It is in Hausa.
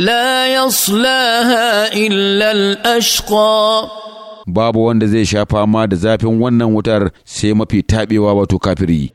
لا يصلاها إلا الأشقى babu wanda zai sha fama da zafin wannan wutar sai mafi taɓewa wato kafiri